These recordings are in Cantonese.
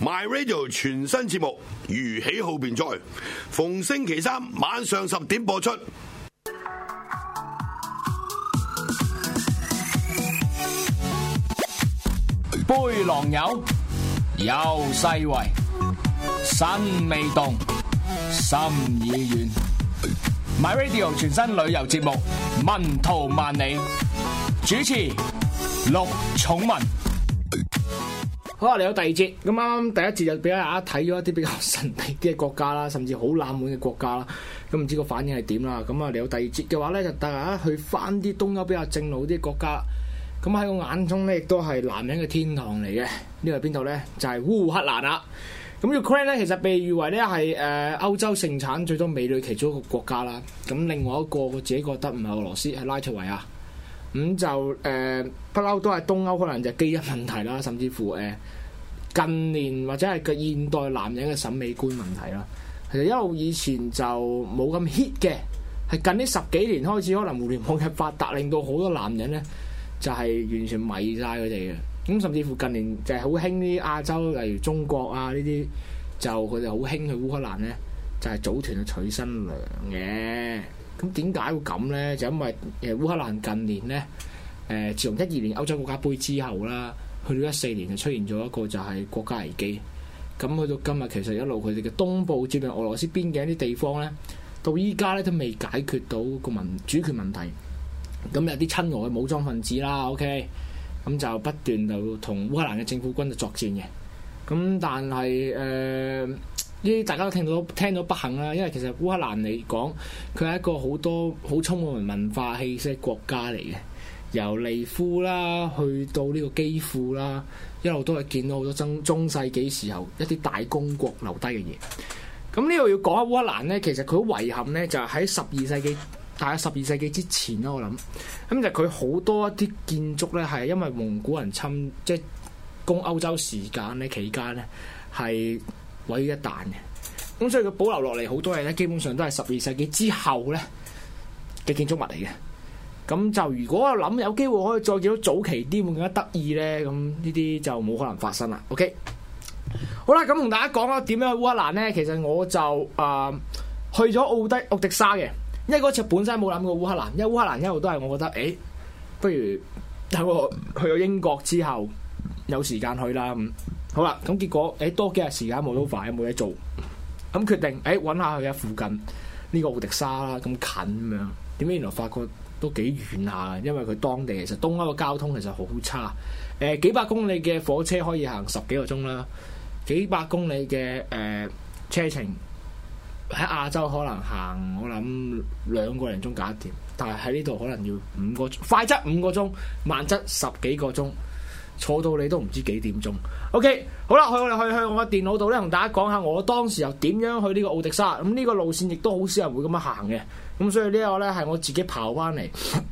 My Radio 全新節目如喜號便在，逢星期三晚上十點播出。杯浪有，有世圍，身未動，心已遠。My Radio 全新旅遊節目，文圖萬里，主持陸寵文。好啊！你有第二節咁啱啱第一節就俾大家睇咗一啲比較神秘啲嘅國家啦，甚至好冷門嘅國家啦，咁唔知個反應係點啦？咁啊，你有第二節嘅話咧，就大家去翻啲東歐比較正路啲國家，咁喺我眼中咧，亦都係男人嘅天堂嚟嘅。這個、呢個係邊度咧？就係、是、烏克蘭啦。咁 Ukraine 咧，其實被譽為咧係誒歐洲盛產最多美女其中一個國家啦。咁另外一個我自己覺得唔係俄羅斯係拉脫維亞。咁、嗯、就誒，不、呃、嬲都係東歐可能就基因問題啦，甚至乎誒、呃、近年或者係個現代男人嘅審美觀問題啦。其實一路以前就冇咁 hit 嘅，係近呢十幾年開始，可能互聯網嘅發達令到好多男人咧就係、是、完全迷晒佢哋嘅。咁、嗯、甚至乎近年就係好興啲亞洲，例如中國啊呢啲，就佢哋好興去烏克蘭咧，就係、是、組團去娶新娘嘅。咁點解會咁呢？就因為誒烏克蘭近年呢，誒、呃、自從一二年歐洲國家杯之後啦，去到一四年就出現咗一個就係國家危機。咁去到今日其實一路佢哋嘅東部接近俄羅斯邊境一啲地方呢，到依家呢都未解決到個民主權問題。咁有啲親俄嘅武裝分子啦，OK，咁就不斷就同烏克蘭嘅政府軍就作戰嘅。咁但係誒、呃呢啲大家都聽到聽到不幸啦，因為其實烏克蘭嚟講，佢係一個好多好充滿文化氣息國家嚟嘅，由利夫啦，去到呢個基庫啦，一路都係見到好多中中世紀時候一啲大公國留低嘅嘢。咁呢度要講下烏克蘭呢，其實佢好遺憾呢，就係、是、喺十二世紀，大概十二世紀之前啦。我諗咁就佢好多一啲建築呢，係因為蒙古人侵即係、就是、攻歐洲時間呢期間呢，係。毀於一旦嘅，咁所以佢保留落嚟好多嘢咧，基本上都係十二世紀之後咧嘅建築物嚟嘅。咁就如果諗有機會可以再見到早期啲會更加得意咧，咁呢啲就冇可能發生啦。OK，好啦，咁同大家講下點樣去烏克蘭咧？其實我就啊、呃、去咗奧德奧迪沙嘅，因為嗰次本身冇諗過烏克蘭，因為烏克蘭一路都係我覺得，誒、欸、不如等我去咗英國之後有時間去啦。好啦，咁、嗯、結果，誒、欸、多幾日時間冇得翻，冇嘢做，咁、嗯、決定，誒、欸、揾下佢嘅附近呢、這個奧迪沙啦，咁近咁、啊、樣，點解原來發覺都幾遠下、啊、因為佢當地其實東歐嘅交通其實好差，誒、呃、幾百公里嘅火車可以行十幾個鐘啦，幾百公里嘅誒、呃、車程喺亞洲可能行我諗兩個零鐘搞掂，但係喺呢度可能要五個鐘，快則五個鐘，慢則十幾個鐘。坐到你都唔知幾點鐘。OK，好啦，去去去去我電腦度咧，同大家講下我當時又點樣去呢個奧迪沙。咁、嗯、呢、這個路線亦都好少人會咁樣行嘅。咁、嗯、所以呢個咧係我自己跑翻嚟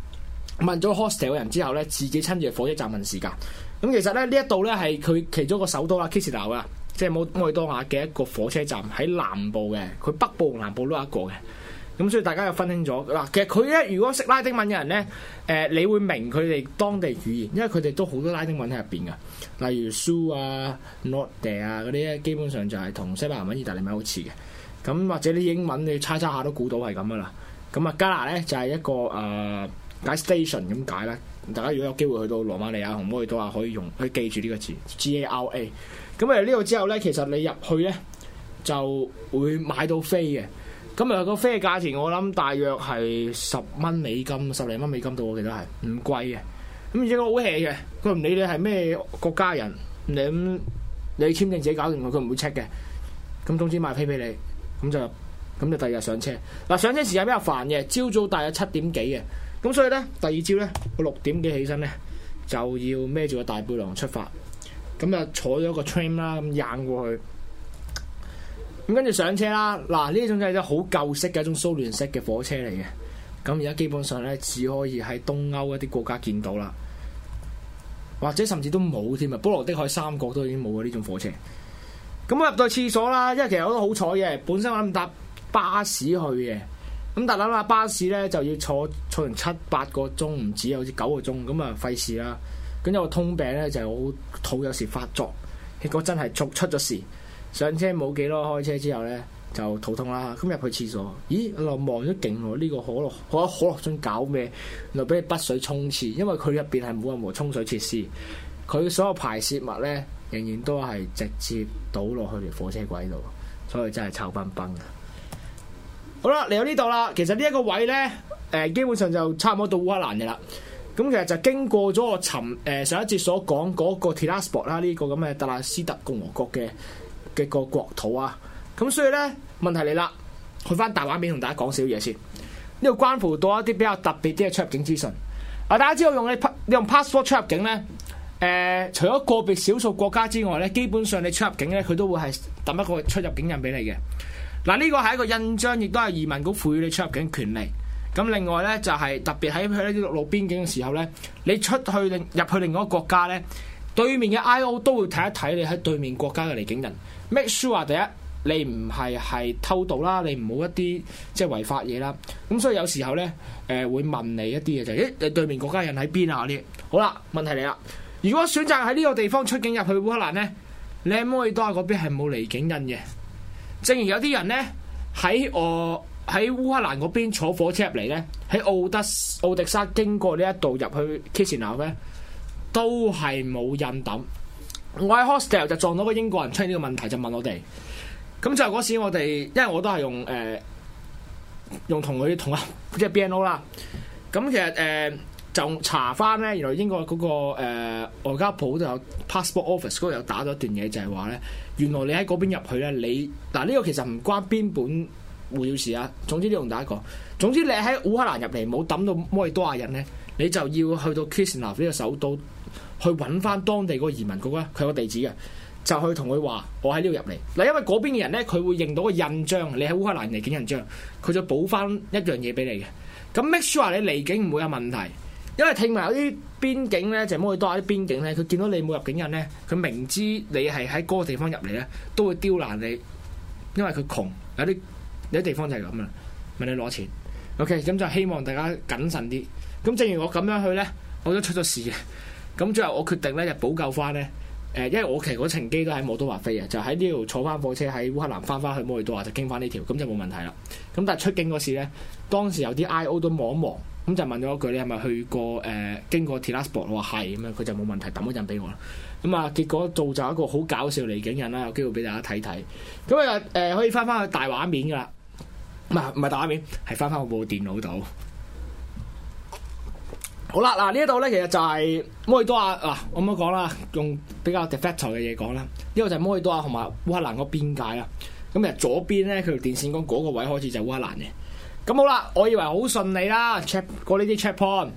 問咗 hostel 人之後咧，自己親自火車站問時間。咁、嗯、其實咧呢一度咧係佢其中一個首都啦 k i 啊，基士達啊，即係冇愛多亞嘅一個火車站喺南部嘅，佢北部同南部都有一個嘅。咁、嗯、所以大家又分清楚。嗱，其實佢咧如果識拉丁文嘅人咧，誒、呃，你會明佢哋當地語言，因為佢哋都好多拉丁文喺入邊嘅，例如 so 啊、not there 啊嗰啲，基本上就係同西班牙文、意大利文好似嘅。咁或者啲英文你猜猜下都估到係咁噶啦。咁啊，加拿咧就係、是、一個誒，解、呃、station 咁解啦。大家如果有機會去到羅馬尼亞同摩爾多瓦，可以用可以記住呢個字 G A R A。咁啊，呢度之後咧，其實你入去咧就會買到飛嘅。咁啊個飛嘅價錢我諗大約係十蚊美金，十零蚊美金到，我記得係唔貴嘅，咁而且好 hea 嘅，佢唔理你係咩國家人，你咁你簽證自己搞掂佢，佢唔會 check 嘅。咁總之買飛俾你，咁就咁就第二日上車。嗱，上車時間比較煩嘅，朝早大約七點幾嘅，咁所以咧第二朝咧我六點幾起身咧就要孭住個大背囊出發，咁就坐咗個 train 啦，咁硬過去。咁跟住上車啦，嗱呢種就係一好舊式嘅一種蘇聯式嘅火車嚟嘅，咁而家基本上咧只可以喺東歐一啲國家見到啦，或者甚至都冇添啊！波羅的海三國都已經冇咗呢種火車。咁我入到廁所啦，因為其實我都好彩嘅，本身我諗搭巴士去嘅，咁但諗下巴士咧就要坐坐完七八個鐘唔止，好似九個鐘，咁啊費事啦。咁有個通病咧就係、是、我肚有時發作，結果真係逐出咗事。上車冇幾多，開車之後呢，就肚痛啦。咁入去廁所，咦？我望咗勁耐。呢、呢個可樂可可樂樽搞咩？又俾你筆水沖廁，因為佢入邊係冇任何沖水設施，佢所有排泄物呢，仍然都係直接倒落去條火車軌度，所以真係臭崩崩嘅。好啦，嚟到呢度啦，其實呢一個位呢，誒，基本上就差唔多到烏克蘭嘅啦。咁其實就經過咗我尋誒上一節所講嗰個 Tiraspol 啦，呢個咁嘅特拉斯特共和國嘅，嘅個國土啊，咁所以咧問題嚟啦，去返大畫面同大家講少嘢先，呢度關乎到一啲比較特別啲嘅出入境資訊。啊，大家知道，用你你用 passport 出入境咧，誒、呃，除咗個別少數國家之外咧，基本上你出入境咧，佢都會係揼一個出入境印俾你嘅。嗱，呢個係一個印章，亦都係移民局賦予你出入境權利。咁另外咧，就係、是、特別喺去呢啲陸路邊境嘅時候咧，你出去入去另外一個國家咧，對面嘅 I O 都會睇一睇你喺對面國家嘅離境人。Make sure 話第一，你唔係係偷渡啦，你唔好一啲即係違法嘢啦。咁所以有時候咧，誒、呃、會問你一啲嘢就係、是，咦，你對面國家人喺邊啊？嗰啲好啦，問題嚟啦。如果選擇喺呢個地方出境入去烏克蘭咧，你可唔可以當下嗰邊係冇離境印嘅？正如有啲人咧喺我喺烏克蘭嗰邊坐火車入嚟咧，喺奧德奧迪沙經過呢一度入去 k i 切什納咧，都係冇印抌。我喺 hostel 就撞到個英國人出現呢個問題，就問我哋，咁就嗰時我哋，因為我都係用誒、呃、用同佢同一即係 B N O 啦。咁其實誒、呃、就查翻咧，原來英國嗰、那個誒、呃、外交部就有 passport office 嗰度打咗一段嘢，就係話咧，原來你喺嗰邊入去咧，你嗱呢、啊這個其實唔關邊本護照事啊。總之你用第一個，總之你喺烏克蘭入嚟，冇抌到摩爾多亞人咧，你就要去到 Kisna 呢個首都。去揾翻當地嗰個移民局咧，佢有個地址嘅，就去同佢話我喺呢度入嚟嗱。因為嗰邊嘅人咧，佢會認到個印章，你喺烏克蘭離境印章，佢就補翻一樣嘢俾你嘅。咁 make sure 話你離境唔會有問題，因為聽聞有啲邊境咧，就摩爾多瓦啲邊境咧，佢見到你冇入境印咧，佢明知你係喺嗰個地方入嚟咧，都會刁難你，因為佢窮，有啲有啲地方就係咁啦，問你攞錢。OK，咁就希望大家謹慎啲。咁正如我咁樣去咧，我都出咗事嘅。咁最後我決定咧，就補救翻咧，誒，因為我其實嗰程機都喺摩多華飛嘅，就喺呢度坐翻火車喺烏克蘭翻翻去摩爾多瓦就經翻呢條，咁就冇問題啦。咁但係出境嗰時咧，當時有啲 I O 都望一望，咁就問咗一句：你係咪去過誒、呃、經過 Tiraspol？我話係，咁樣佢就冇問題抌一陣俾我啦。咁啊，結果造就一個好搞笑離境人啦，有機會俾大家睇睇。咁啊誒，可以翻翻去大畫面噶啦，唔係唔係大畫面，係翻翻我部電腦度。好啦，嗱呢一度咧，其實就係摩爾多亞嗱、啊，我唔好講啦，用比較 de facto 嘅嘢講啦，嗯、呢個就係摩爾多亞同埋烏克蘭個邊界啦。咁其實，左邊咧佢條電線杆嗰個位開始就係烏克蘭嘅。咁、嗯、好啦，我以為好順利啦，check 過呢啲 checkpoint，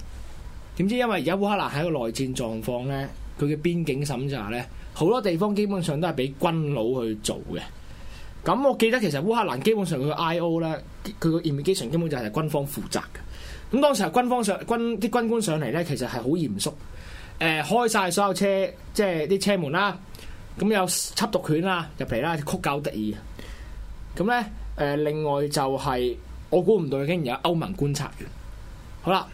點知因為而家烏克蘭喺個內戰狀況咧，佢嘅邊境審查咧，好多地方基本上都係俾軍佬去做嘅。咁、嗯、我記得其實烏克蘭基本上佢嘅 I O 啦，佢個 immigration 基本就係軍方負責嘅。咁當時係軍方上軍啲軍官上嚟咧，其實係好嚴肅。誒、呃，開晒所有車，即係啲車門啦。咁、嗯、有緝毒犬啦入嚟啦，曲教得意咁咧誒，另外就係、是、我估唔到佢竟然有歐盟觀察員。好啦，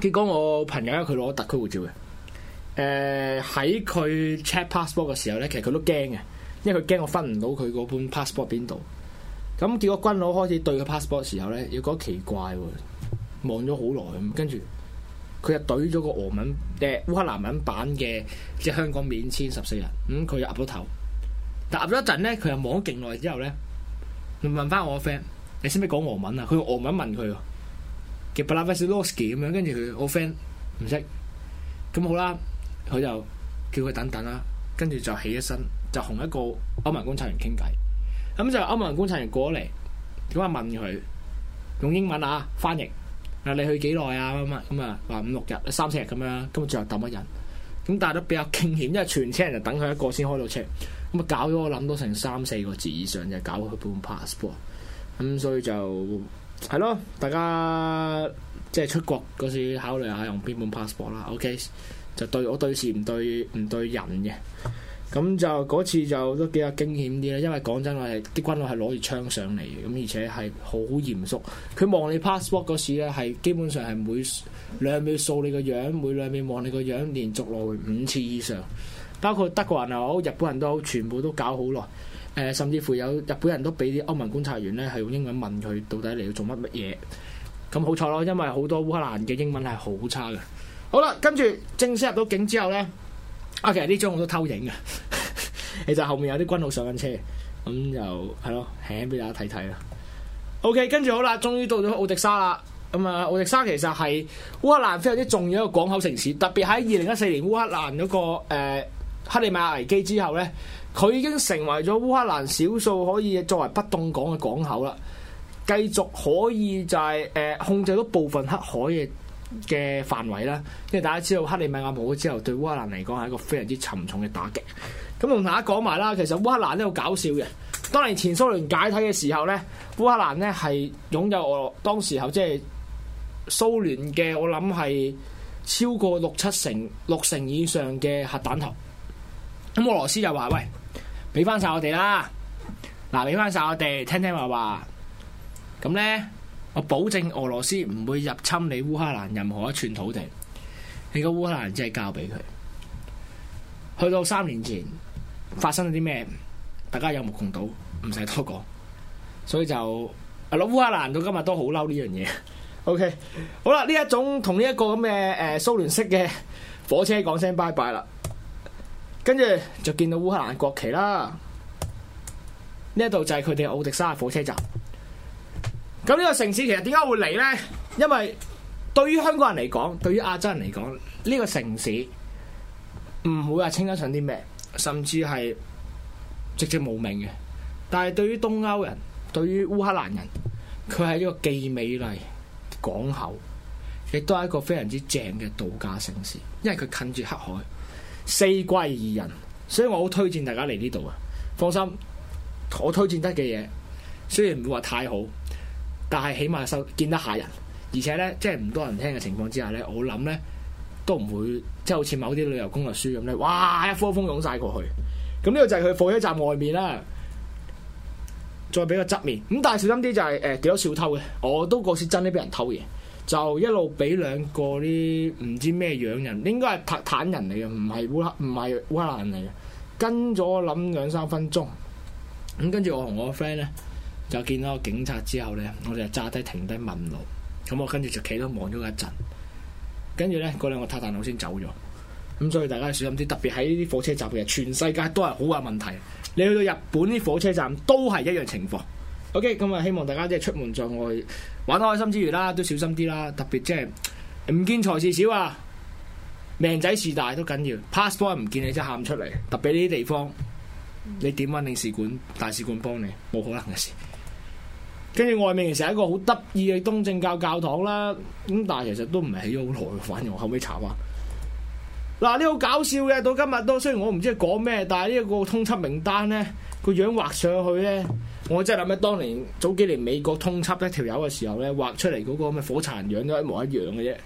結果我朋友咧佢攞特區護照嘅。誒喺佢 check passport 嘅時候咧，其實佢都驚嘅，因為佢驚我分唔到佢嗰本 passport 邊度。咁結果軍佬開始對佢 passport 嘅時候咧，要覺得奇怪喎。望咗好耐咁，跟住佢就懟咗個俄文，即係烏克蘭文版嘅即係香港免簽十四日，咁佢又岌咗頭。但係岌咗陣咧，佢又望咗勁耐之後咧，問翻我個 friend：你識唔識講俄文啊？佢用俄文問佢叫 Belfast 咁樣，跟住佢我 friend 唔識。咁好啦，佢就叫佢等等啦，跟住就起咗身，就同一個歐盟觀察員傾偈。咁就歐盟觀察員過咗嚟，咁啊問佢用英文啊翻譯。啊！你去幾耐啊？咁啊咁啊，話五六日、三四日咁樣，咁啊最後抌乜人？咁但係都比較驚險，因為全車人就等佢一個先開到車。咁啊搞咗我諗到成三四個字以上，就搞佢本 passport。咁所以就係咯，大家即係出國嗰時考慮下用邊本 passport 啦。OK，就對我對事唔對唔對人嘅。咁就嗰次就都比較驚險啲咧，因為講真我哋啲軍佬係攞住槍上嚟嘅，咁而且係好嚴肅。佢望你 passport 嗰時咧，係基本上係每兩秒掃你個樣，每兩秒望你個樣，連續來五次以上。包括德國人又好，日本人都好，全部都搞好耐。誒、呃，甚至乎有日本人都俾啲歐盟觀察員咧，係用英文問佢到底嚟要做乜乜嘢。咁好彩咯，因為好多烏克蘭嘅英文係好差嘅。好啦，跟住正式入到境之後咧。啊，其實呢張我都偷影嘅， 其實後面有啲軍佬上緊車，咁就係咯，影俾大家睇睇啦。OK，跟住好啦，終於到咗奧德莎啦。咁、嗯、啊，奧德莎其實係烏克蘭非常之重要一個港口城市，特別喺二零一四年烏克蘭嗰、那個、呃、克里米亞危機之後咧，佢已經成為咗烏克蘭少數可以作為不凍港嘅港口啦，繼續可以就係、是、誒、呃、控制到部分黑海嘅。嘅範圍啦，因為大家知道克里米亞冇咗之後，對烏克蘭嚟講係一個非常之沉重嘅打擊。咁、嗯、同大家講埋啦，其實烏克蘭都好搞笑嘅。當年前蘇聯解體嘅時候呢，烏克蘭呢係擁有俄羅當時候即係蘇聯嘅，我諗係超過六七成、六成以上嘅核彈頭。咁、嗯、俄羅斯就話：喂，俾翻晒我哋啦！嗱，俾翻晒我哋，聽聽話話，咁呢。我保證俄羅斯唔會入侵你烏克蘭任何一寸土地，你個烏克蘭真係交俾佢。去到三年前發生咗啲咩？大家有目共睹，唔使多講。所以就阿老、啊、烏克蘭到今日都好嬲呢樣嘢。OK，好啦，呢一種同呢一個咁嘅誒蘇聯式嘅火車講聲拜拜啦，跟住就見到烏克蘭國旗啦。呢一度就係佢哋奧迪沙火車站。咁呢個城市其實點解會嚟呢？因為對於香港人嚟講，對於亞洲人嚟講，呢個城市唔會話稱得上啲咩，甚至係直接無名嘅。但係對於東歐人，對於烏克蘭人，佢係一個既美麗、港口，亦都係一個非常之正嘅度假城市，因為佢近住黑海，四季宜人，所以我好推薦大家嚟呢度啊！放心，我推薦得嘅嘢，雖然唔會話太好。但係起碼收見得下人，而且咧即係唔多人聽嘅情況之下咧，我諗咧都唔會即係好似某啲旅遊攻略書咁咧，哇，一窩蜂湧晒過去。咁呢個就係佢火車站外面啦，再俾個側面。咁、嗯、但係小心啲就係誒幾多小偷嘅，我都覺得真係俾人偷嘢。就一路俾兩個啲唔知咩樣人，應該係坦坦人嚟嘅，唔係烏克唔係烏克蘭人嚟嘅，跟咗我諗兩三分鐘。咁、嗯、跟住我同我個 friend 咧。就見到個警察之後咧，我哋就揸低停低問路。咁我跟住就企到望咗一陣，跟住咧嗰兩個太彈佬先走咗。咁所以大家小心啲，特別喺呢啲火車站嘅，全世界都係好有問題。你去到日本啲火車站都係一樣情況。OK，咁啊，希望大家即係出門在外玩得開心之餘啦，都小心啲啦。特別即係唔見財事少啊，命仔事大都緊要。passport 唔見你即喊出嚟，特別呢啲地方，你點揾領事館、大使館幫你？冇可能嘅事。跟住外面其實係一個好得意嘅東正教教堂啦，咁但係其實都唔係起咗好耐，反而我後尾查啊！嗱，呢好搞笑嘅到今日都，雖然我唔知係講咩，但係呢個通緝名單咧，個樣畫上去咧，我真係諗起當年早幾年美國通緝一條友嘅時候咧，畫出嚟嗰個咁嘅火柴人樣都一模一樣嘅啫。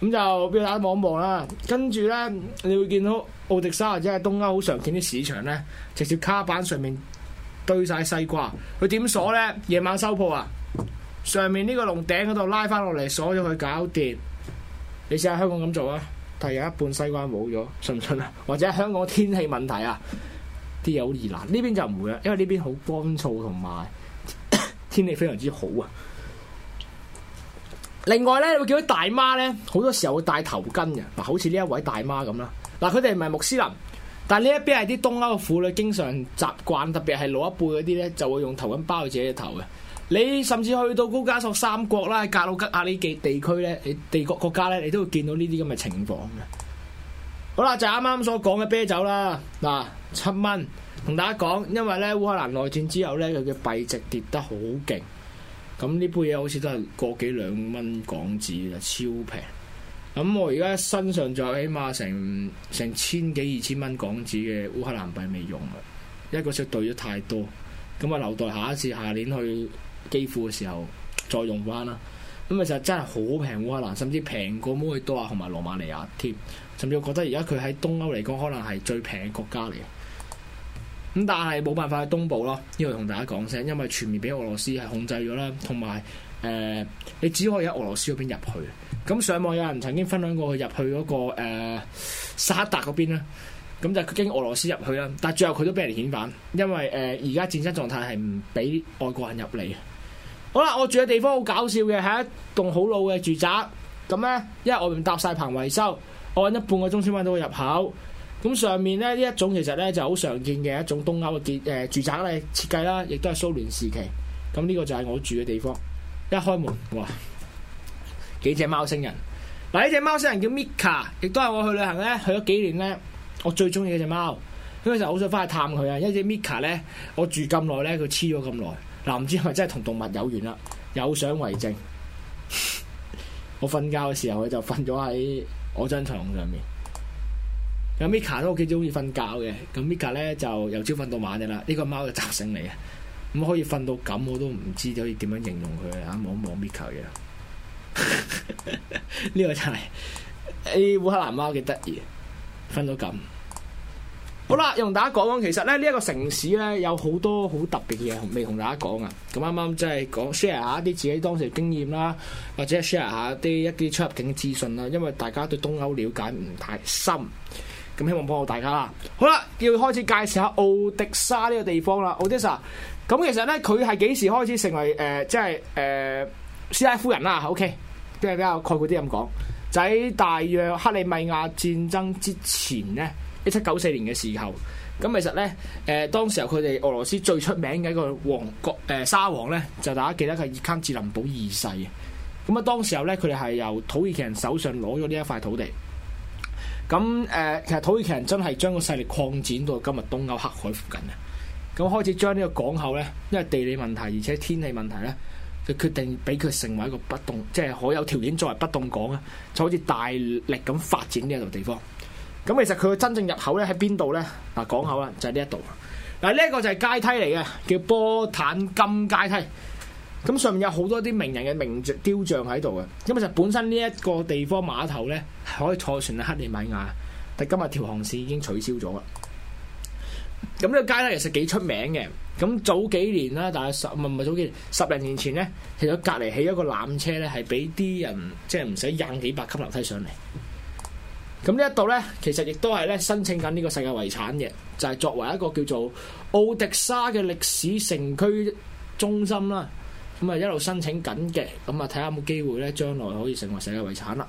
咁就俾大家望一望啦，跟住咧，你會見到奧德莎或者係東歐好常見啲市場咧，直接卡板上面。堆晒西瓜，佢點鎖咧？夜晚收鋪啊，上面呢個籠頂嗰度拉翻落嚟鎖咗佢，搞掂。你試下香港咁做啊，但係有一半西瓜冇咗，信唔信啊？或者香港天氣問題啊，啲嘢好易爛。呢邊就唔會啦，啊，因為呢邊好乾燥同埋 天氣非常之好啊。另外咧，你會見到大媽咧，好多時候會戴頭巾嘅。嗱，好似呢一位大媽咁啦，嗱，佢哋唔係穆斯林。但呢一邊係啲東歐婦女經常習慣，特別係老一輩嗰啲咧，就會用頭巾包住自己嘅頭嘅。你甚至去到高加索三國啦、格魯吉亞呢幾地區咧，你地國國家咧，你都會見到呢啲咁嘅情況嘅。好啦，就啱啱所講嘅啤酒啦，嗱七蚊同大家講，因為咧烏克蘭內戰之後咧，佢嘅幣值跌得好勁，咁呢杯嘢好似都係個幾兩蚊港紙啦，超平。咁我而家身上仲有起碼成成千幾二千蚊港紙嘅烏克蘭幣未用啊！一個月兌咗太多，咁啊留待下一次下年去基輔嘅時候再用翻啦。咁其實真係好平烏克蘭，甚至平過摩爾多瓦同埋羅馬尼亞添。甚至我覺得而家佢喺東歐嚟講，可能係最平嘅國家嚟。咁但係冇辦法喺東部咯，呢個同大家講聲，因為全面俾俄羅斯係控制咗啦，同埋。誒、呃，你只可以喺俄羅斯嗰邊入去。咁上網有人曾經分享過佢入去嗰、嗰個、呃、沙特嗰邊，咁就經俄羅斯入去啦。但係最後佢都俾人遣返，因為誒而家戰爭狀態係唔俾外國人入嚟嘅。好啦，我住嘅地方好搞笑嘅，係一棟好老嘅住宅。咁咧，因為我唔搭晒棚維修，我揾咗半個鐘先揾到個入口。咁上面咧，呢一種其實咧就好、是、常見嘅一種東歐嘅建誒住宅咧設計啦，亦都係蘇聯時期。咁呢個就係我住嘅地方。一開門，哇！幾隻貓星人，嗱，呢隻貓星人叫 Mika，亦都係我去旅行咧，去咗幾年咧，我最中意嗰隻貓，所以就好想翻去探佢啊！一隻 Mika 咧，我住咁耐咧，佢黐咗咁耐，嗱、啊、唔知係咪真係同動物有緣啦？有相為證。 我瞓覺嘅時候，佢就瞓咗喺我張床上面。咁 Mika 都好幾中意瞓覺嘅，咁 Mika 咧就由朝瞓到晚嘅啦。呢個貓嘅習性嚟嘅。咁可以瞓到咁，我都唔知可以點樣形容佢啊！望一望 Michael 嘅呢個真係 A 烏克蘭貓幾得意，瞓到咁、嗯、好啦。又同大家講講，其實咧呢一個城市咧有好多好特別嘅嘢，未同大家講啊。咁啱啱即係講 share 下啲自己當時經驗啦，或者 share 下啲一啲出入境資訊啦。因為大家對東歐了解唔太深，咁希望幫到大家啦。好啦，要開始介紹下奧迪沙呢個地方啦。奧迪沙。咁其實咧，佢係幾時開始成為誒、呃，即係誒、呃、斯拉夫人啦？OK，即係比較概括啲咁講，就喺、是、大約克里米亞戰爭之前咧，一七九四年嘅時候。咁其實咧，誒、呃、當時候佢哋俄羅斯最出名嘅一個王國誒、呃、沙皇咧，就大家記得係葉卡捷琳堡二世。咁啊，當時候咧，佢哋係由土耳其人手上攞咗呢一塊土地。咁誒、呃，其實土耳其人真係將個勢力擴展到今日東歐黑海附近嘅。咁開始將呢個港口呢，因為地理問題，而且天氣問題呢，就決定俾佢成為一個不動，即係可有條件作為不動港啊，就好似大力咁發展呢一度地方。咁其實佢嘅真正入口呢喺邊度呢？嗱，港口啊，就係呢一度。嗱，呢一個就係階梯嚟嘅，叫波坦金階梯。咁上面有好多啲名人嘅名像雕像喺度嘅。咁其實本身呢一個地方碼頭呢，可以坐船去克里米亞，但今日條航線已經取消咗啦。咁呢個街咧其實幾出名嘅，咁早幾年啦，但係十唔係唔係早幾年，十零年前咧，其實隔離起一個纜車咧，係俾啲人即係唔使掙幾百級樓梯上嚟。咁呢一度咧，其實亦都係咧申請緊呢個世界遺產嘅，就係作為一個叫做奧迪沙嘅歷史城區中心啦。咁啊一路申請緊嘅，咁啊睇下有冇機會咧，將來可以成為世界遺產啦。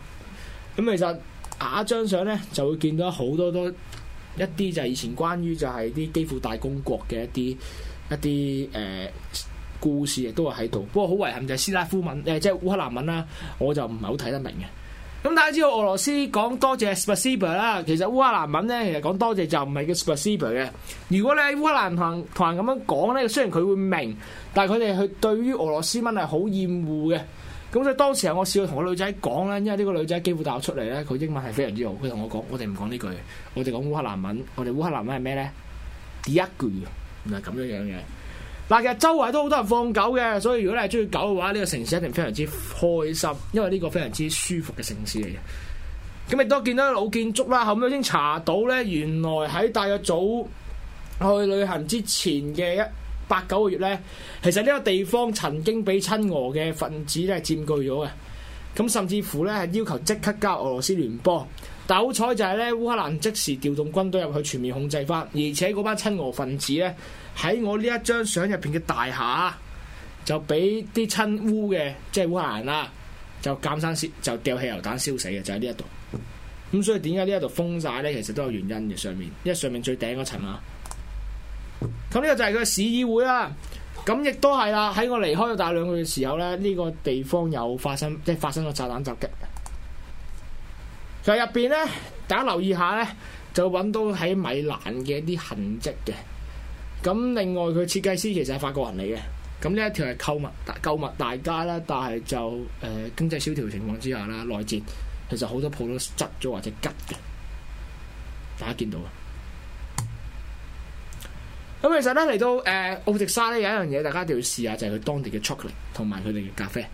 咁其實第一張相咧，就會見到好多都。一啲就係以前關於就係啲基輔大公國嘅一啲一啲誒、呃、故事，亦都係喺度。不過好遺憾就係斯拉夫文咧、呃，即係烏克蘭文啦，我就唔係好睇得明嘅。咁、嗯、大家知道俄羅斯講多謝 spasiba 啦，其實烏克蘭文咧其實講多謝就唔係叫 spasiba 嘅。如果你喺烏克蘭同同人咁樣講咧，雖然佢會明，但係佢哋去對於俄羅斯文係好厭惡嘅。咁所以當時啊，我試過同個女仔講啦，因為呢個女仔幾乎帶我出嚟咧，佢英文係非常之好。佢同我講：我哋唔講呢句，我哋講烏克蘭文。我哋烏克蘭文係咩咧？第一句，原來咁樣樣嘅。嗱，其實周圍都好多人放狗嘅，所以如果你係中意狗嘅話，呢個城市一定非常之開心，因為呢個非常之舒服嘅城市嚟嘅。咁亦都見到老建築啦。後尾先查到咧，原來喺大約早去旅行之前嘅一八九個月呢，其實呢個地方曾經俾親俄嘅分子咧佔據咗嘅，咁甚至乎呢，係要求即刻加入俄羅斯聯邦。但好彩就係呢，烏克蘭即時調動軍隊入去全面控制翻，而且嗰班親俄分子呢，喺我呢一張相入邊嘅大廈，就俾啲親烏嘅即係烏克蘭啊，就監生燒就掉汽油彈燒死嘅，就喺呢一度。咁所以點解呢一度封晒呢？其實都有原因嘅。上面，因為上面最頂嗰層啊。咁呢個就係佢市議會啦，咁亦都係啦。喺我離開咗大兩個月嘅時候咧，呢、這個地方又發生，即係發生咗炸彈襲擊。就入邊咧，大家留意下咧，就搵到喺米蘭嘅一啲痕迹嘅。咁另外，佢設計師其實係法國人嚟嘅。咁呢一條係購物購物大街啦，但係就誒、呃、經濟蕭條情況之下啦，內戰其實好多鋪都執咗或者吉嘅。大家見到。咁其實咧嚟到誒、呃、奧迪沙咧有一樣嘢，大家一定要試下就係、是、佢當地嘅朱古力同埋佢哋嘅咖啡，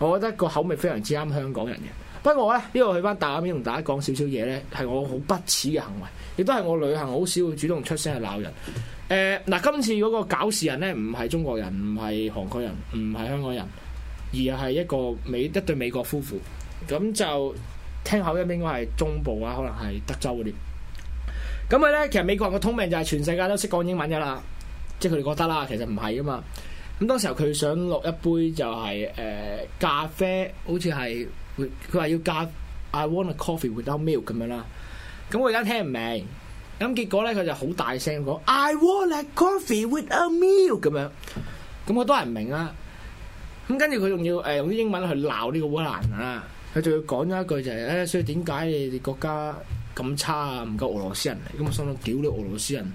我覺得個口味非常之啱香港人嘅。不過咧，呢度去翻大啞片同大家講少少嘢咧，係我好不恥嘅行為，亦都係我旅行好少會主動出聲去鬧人。誒、呃、嗱、啊，今次嗰個搞事人咧，唔係中國人，唔係韓國人，唔係香港人，而係一個美一對美國夫婦。咁就聽口音應該係中部啊，可能係德州嗰啲。咁佢咧，其實美國人嘅通病就係全世界都識講英文嘅啦，即係佢哋覺得啦，其實唔係啊嘛。咁當時候佢想落一杯就係、是、誒、呃、咖啡，好似係佢佢話要加 I want a coffee without milk 咁樣啦。咁我而家聽唔明，咁結果咧佢就好大聲講，I want a coffee with a meal 咁樣，咁我都係唔明啦。咁跟住佢仲要誒、呃、用啲英文去鬧呢個烏蘭啊，佢仲要講咗一句就係、是、誒，所以點解你哋國家？咁差啊，唔夠俄羅斯人嚟，咁我相當屌你俄羅斯人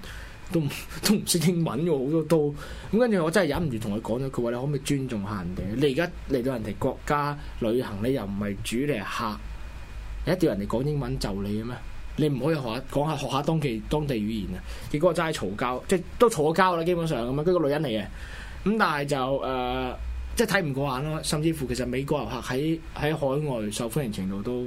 都都唔識英文喎，好多都，咁跟住我真係忍唔住同佢講咗，佢話你可唔可以尊重下人哋？你而家嚟到人哋國家旅行，你又唔係主，你客，一定要人哋講英文就你嘅咩？你唔可以學講下學下當地當地語言啊！結果我真係嘈交，即係都嘈咗交啦，基本上咁樣。跟、嗰個女人嚟嘅，咁但係就誒、呃，即係睇唔過眼咯。甚至乎其實美國遊客喺喺海外受歡迎程度都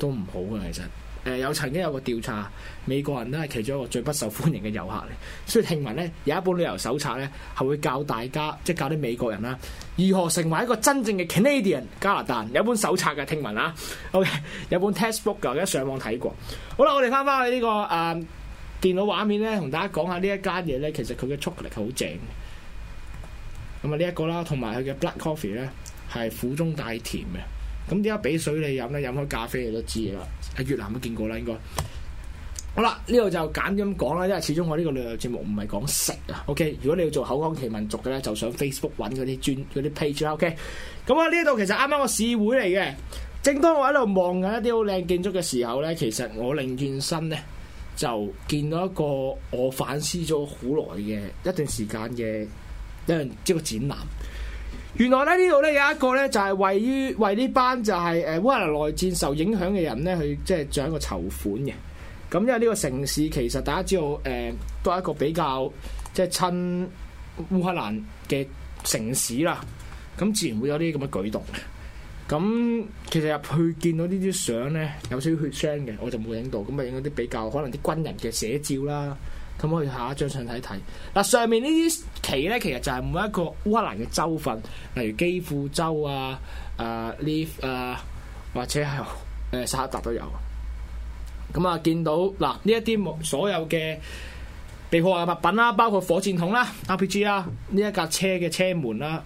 都唔好嘅，其實。誒有曾經有個調查，美國人都係其中一個最不受歡迎嘅遊客嚟，所以聽聞咧有一本旅遊手冊咧係會教大家，即係教啲美國人啦，如何成為一個真正嘅 Canadian 加拿大，有本手冊嘅聽聞啊，OK 有本 t e s t b o o k 嘅，一上網睇過。好啦，我哋翻翻呢個誒、呃、電腦畫面咧，同大家講下呢一間嘢咧，其實佢嘅速力 o 好正，咁啊呢一個啦，同埋佢嘅 black coffee 咧係苦中帶甜嘅。咁點解俾水你飲咧？飲開咖啡你都知啦，喺越南都見過啦，應該。好啦，呢度就簡咁講啦，因為始終我呢個旅遊節目唔係講食啊。OK，如果你要做口腔奇聞族嘅咧，就上 Facebook 揾嗰啲專啲 page 啦。OK，咁啊呢度其實啱啱個市會嚟嘅。正當我喺度望緊一啲好靚建築嘅時候咧，其實我另一邊身咧就見到一個我反思咗好耐嘅一段時間嘅一樣即係個展覽。原來咧呢度咧有一個咧就係、是、位於為呢班就係誒烏克蘭內戰受影響嘅人咧去即係做一個籌款嘅。咁因為呢個城市其實大家知道誒、呃、都係一個比較即係親烏克蘭嘅城市啦，咁自然會有啲咁嘅舉動。咁其實入去見到呢啲相咧有少少血腥嘅，我就冇影到，咁啊影嗰啲比較可能啲軍人嘅寫照啦。咁我哋下一張相睇睇，嗱上面呢啲旗咧，其實就係每一個烏克蘭嘅州份，例如基輔州啊、誒、啊、Leaf 啊，或者係誒、薩、克達都有。咁啊，見到嗱呢一啲所有嘅被破壞嘅物品啦，包括火箭筒啦、啊、RPG 啦、啊，呢一架車嘅車門啦、啊。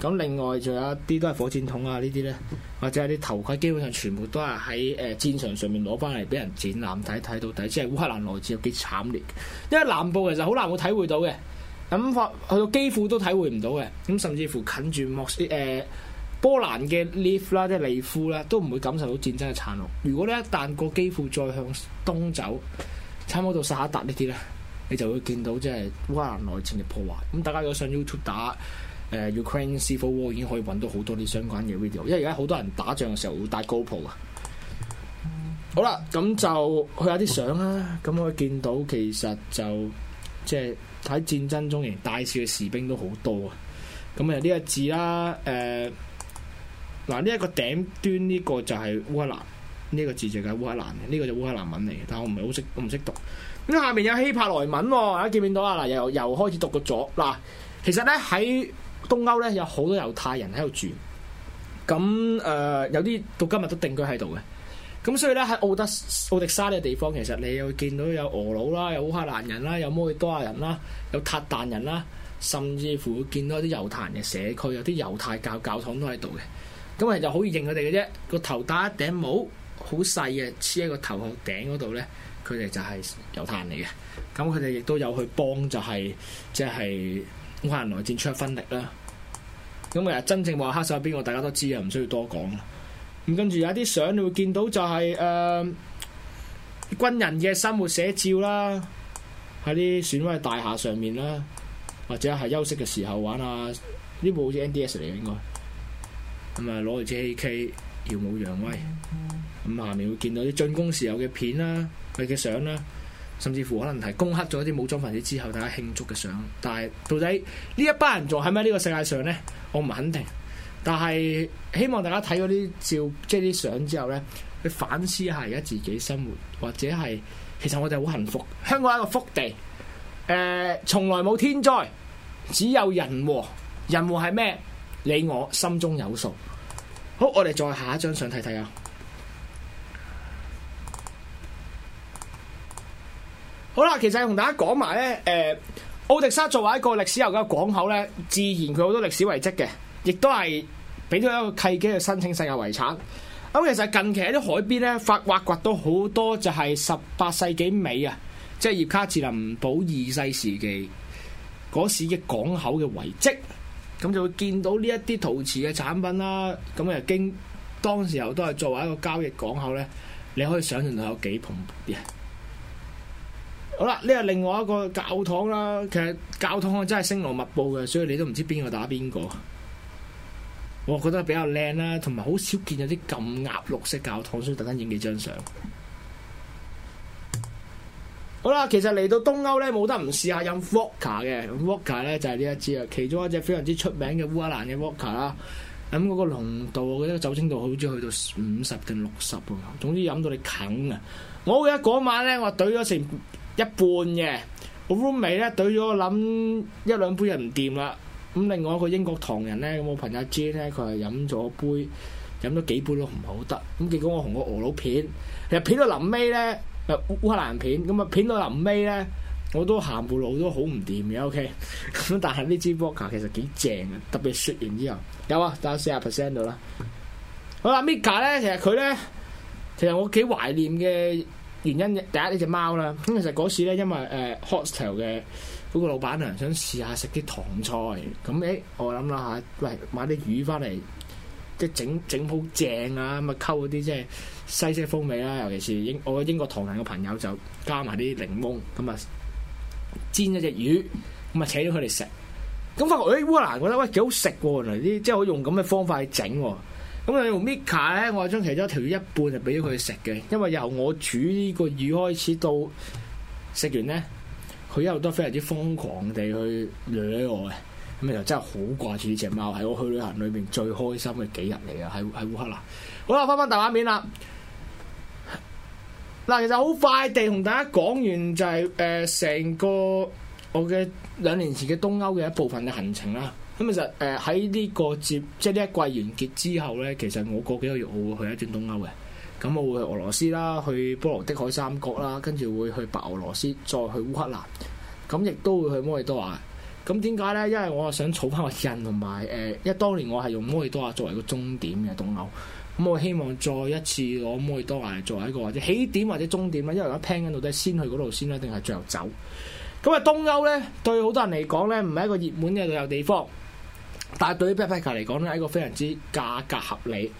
咁另外仲有一啲都係火箭筒啊呢啲咧，或者係啲頭盔，基本上全部都係喺誒戰場上面攞翻嚟俾人展覽睇睇到底。即係烏克蘭內戰有幾慘烈。因為南部其實好難會體會到嘅，咁、嗯、去到基輔都體會唔到嘅，咁、嗯、甚至乎近住莫斯科波蘭嘅 lift 啦，即係利夫啦，都唔會感受到戰爭嘅殘酷。如果咧一旦個基輔再向東走，差唔多到薩克達呢啲咧，你就會見到即係烏克蘭內戰嘅破壞。咁、嗯、大家如果上 YouTube 打。誒、uh, Ukraine Civil War 已經可以揾到好多啲相關嘅 video，因為而家好多人打仗嘅時候會帶 GoPro 啊。嗯、好啦，咁就去下啲相啦。咁我、嗯、見到其實就即係喺戰爭中仍然帶笑嘅士兵都好多啊。咁啊呢個字啦，誒嗱呢一個頂端呢個就係烏克蘭呢、呢個字就係烏克蘭嘅，呢、呢個就烏克蘭文嚟嘅，但係我唔係好識，我唔識讀。咁下面有希伯來文喎、哦，大家見唔見到啊？嗱，又由開始讀個左嗱，其實咧喺東歐咧有好多猶太人喺度住，咁誒、呃、有啲到今日都定居喺度嘅，咁所以咧喺奧德奧德莎呢個地方，其實你會見到有俄佬啦，有烏克蘭人啦，有摩爾多亞人啦，有塔旦人啦，甚至乎會見到啲猶太人嘅社區，有啲猶太教教、教堂都喺度嘅，咁啊就好易認佢哋嘅啫，個頭戴一頂帽，好細嘅，黐喺個頭殼頂嗰度咧，佢哋就係猶太人嚟嘅，咁佢哋亦都有去幫、就係，就係即係。就係烏克蘭內戰出一分力啦，咁啊真正話黑手喺邊個，大家都知啊，唔需要多講啦。咁跟住有啲相你會見到就係、是、誒、呃，軍人嘅生活寫照啦，喺啲損毀大廈上面啦，或者係休息嘅時候玩啊，呢部好似 NDS 嚟嘅應該，咁啊攞住支 AK 耀武揚威。咁下面會見到啲進攻時候嘅片啦，佢嘅相啦。甚至乎可能係攻克咗一啲武裝分子之後，大家慶祝嘅相。但係到底呢一班人仲喺唔喺呢個世界上呢？我唔肯定。但係希望大家睇咗啲照，即係啲相之後呢，去反思下而家自己生活，或者係其實我哋好幸福。香港係一個福地，誒、呃，從來冇天災，只有人禍。人禍係咩？你我心中有數。好，我哋再下一張相睇睇啊！好啦，其實同大家講埋咧，誒、呃，奧德莎作為一個歷史悠久嘅港口咧，自然佢好多歷史遺蹟嘅，亦都係俾到一個契機去申請世界遺產。咁其實近期喺啲海邊咧發挖掘到好多就係十八世紀尾啊，即係葉卡捷琳堡二世時期嗰時嘅港口嘅遺蹟，咁就會見到呢一啲陶瓷嘅產品啦。咁啊經當時候都係作為一個交易港口咧，你可以想象到有幾蓬勃啲好啦，呢個另外一個教堂啦。其實教堂真係星羅密布嘅，所以你都唔知邊個打邊個。我覺得比較靚啦，同埋好少見有啲咁鴨、鴨綠色教堂，所以特登影幾張相。好啦，其實嚟到東歐咧，冇得唔試下飲 Vodka 嘅 Vodka 咧，就係、是、呢一支啊。其中一隻非常之出名嘅烏克蘭嘅 Vodka 啦。咁嗰個濃度，我覺得酒精度好似去到五十定六十喎。總之飲到你啃啊！我記得嗰晚咧，我兌咗成。一半嘅，我 roommate 咧，倒咗我諗一兩杯又唔掂啦。咁另外一個英國唐人咧，咁我朋友 Jane 咧，佢係飲咗杯，飲咗幾杯都唔好得。咁結果我同個俄佬片，其實片到臨尾咧，烏克蘭片，咁啊片到臨尾咧，我都行步路都好唔掂嘅。O K，咁但係呢支 Vodka 其實幾正嘅，特別雪完之後有啊，但係四十 percent 度啦。我阿、啊、Mika 咧，其實佢咧，其實我幾懷念嘅。原因第一呢隻貓啦，咁其實嗰時咧，因為誒、呃、hostel 嘅嗰個老闆娘想試下食啲唐菜，咁誒、欸、我諗啦嚇，喂買啲魚翻嚟即係整整好正啊，咁啊溝嗰啲即係西式風味啦，尤其是英我英國唐人嘅朋友就加埋啲檸檬，咁啊煎咗隻魚，咁啊請咗佢哋食，咁發覺誒、欸、烏蘭覺得喂幾、欸、好食喎，原來啲即係我用咁嘅方法去整喎。咁你用 Mika 咧，我將其中一條魚一半就俾咗佢食嘅，因為由我煮呢個魚開始到食完咧，佢一路都非常之瘋狂地去掠我嘅，咁啊就真係好掛住呢隻貓，喺我去旅行裏邊最開心嘅幾日嚟嘅。喺喺烏克蘭。好啦，翻翻大畫面啦，嗱，其實好快地同大家講完就係、是、誒、成、呃、個我嘅兩年前嘅東歐嘅一部分嘅行程啦。咁其實誒喺呢個節即係呢一季完結之後咧，其實我過幾個月我會去一段東歐嘅，咁我會去俄羅斯啦，去波羅的海三角啦，跟住會去白俄羅斯，再去烏克蘭，咁亦都會去摩爾多瓦。咁點解咧？因為我係想儲翻個人同埋誒，一、呃、當年我係用摩爾多瓦作為一個終點嘅東歐，咁我希望再一次攞摩爾多瓦作為一個或者起點或者終點啦。因為而家聽緊到底先去嗰度先啦，定係最後走？咁啊，東歐咧對好多人嚟講咧，唔係一個熱門嘅旅遊地方。但係對於 Backpacker 嚟講咧，係一個非常之價格合理，誒、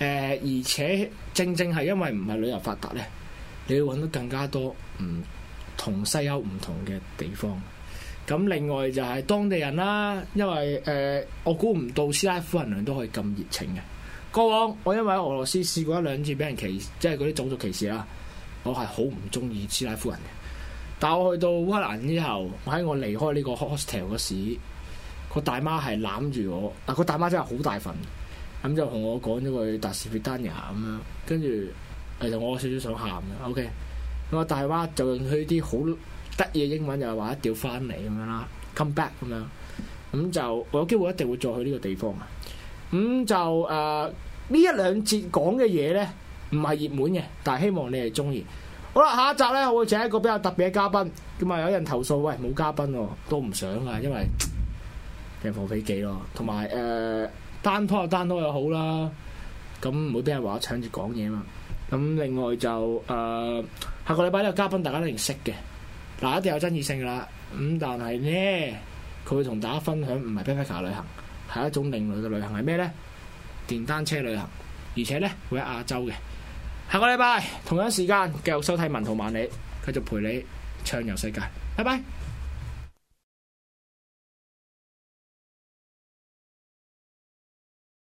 呃，而且正正係因為唔係旅遊發達咧，你要揾到更加多唔同西歐唔同嘅地方。咁另外就係當地人啦，因為誒、呃、我估唔到斯拉夫人量都可以咁熱情嘅。過往我因為俄羅斯試過一兩次俾人歧視，即係嗰啲種族歧視啦，我係好唔中意斯拉夫人嘅。但係我去到烏克蘭之後，我喺我離開呢個 hostel 嘅個大媽係攬住我，啊個大媽真係好大份咁、啊，就同我講咗句達斯維丹尼亞咁樣，跟住其實我少少想喊嘅、啊。O.K. 個大媽就用佢啲好得意嘅英文，就又、是、話一定要翻嚟咁樣啦，come back 咁、啊、樣，咁就我有機會一定會再去呢個地方啊。咁就誒呢一兩節講嘅嘢咧，唔係熱門嘅，但係希望你係鍾意。好啦，下一集咧，我會請一個比較特別嘅嘉賓。咁啊，有人投訴，喂冇嘉賓喎、哦，都唔想啊，因為。嘅放飛機咯，同埋誒單拖又單拖又好啦，咁唔好俾人話搶住講嘢啊嘛。咁另外就誒、呃、下個禮拜呢個嘉賓大家都認識嘅，嗱一定有爭議性㗎啦。咁但係咧，佢會同大家分享唔係 vanlife 旅行，係一種另類嘅旅行係咩咧？電單車旅行，而且咧會喺亞洲嘅。下個禮拜同樣時間繼續收睇《文圖萬里》，繼續陪你暢遊世界。拜拜。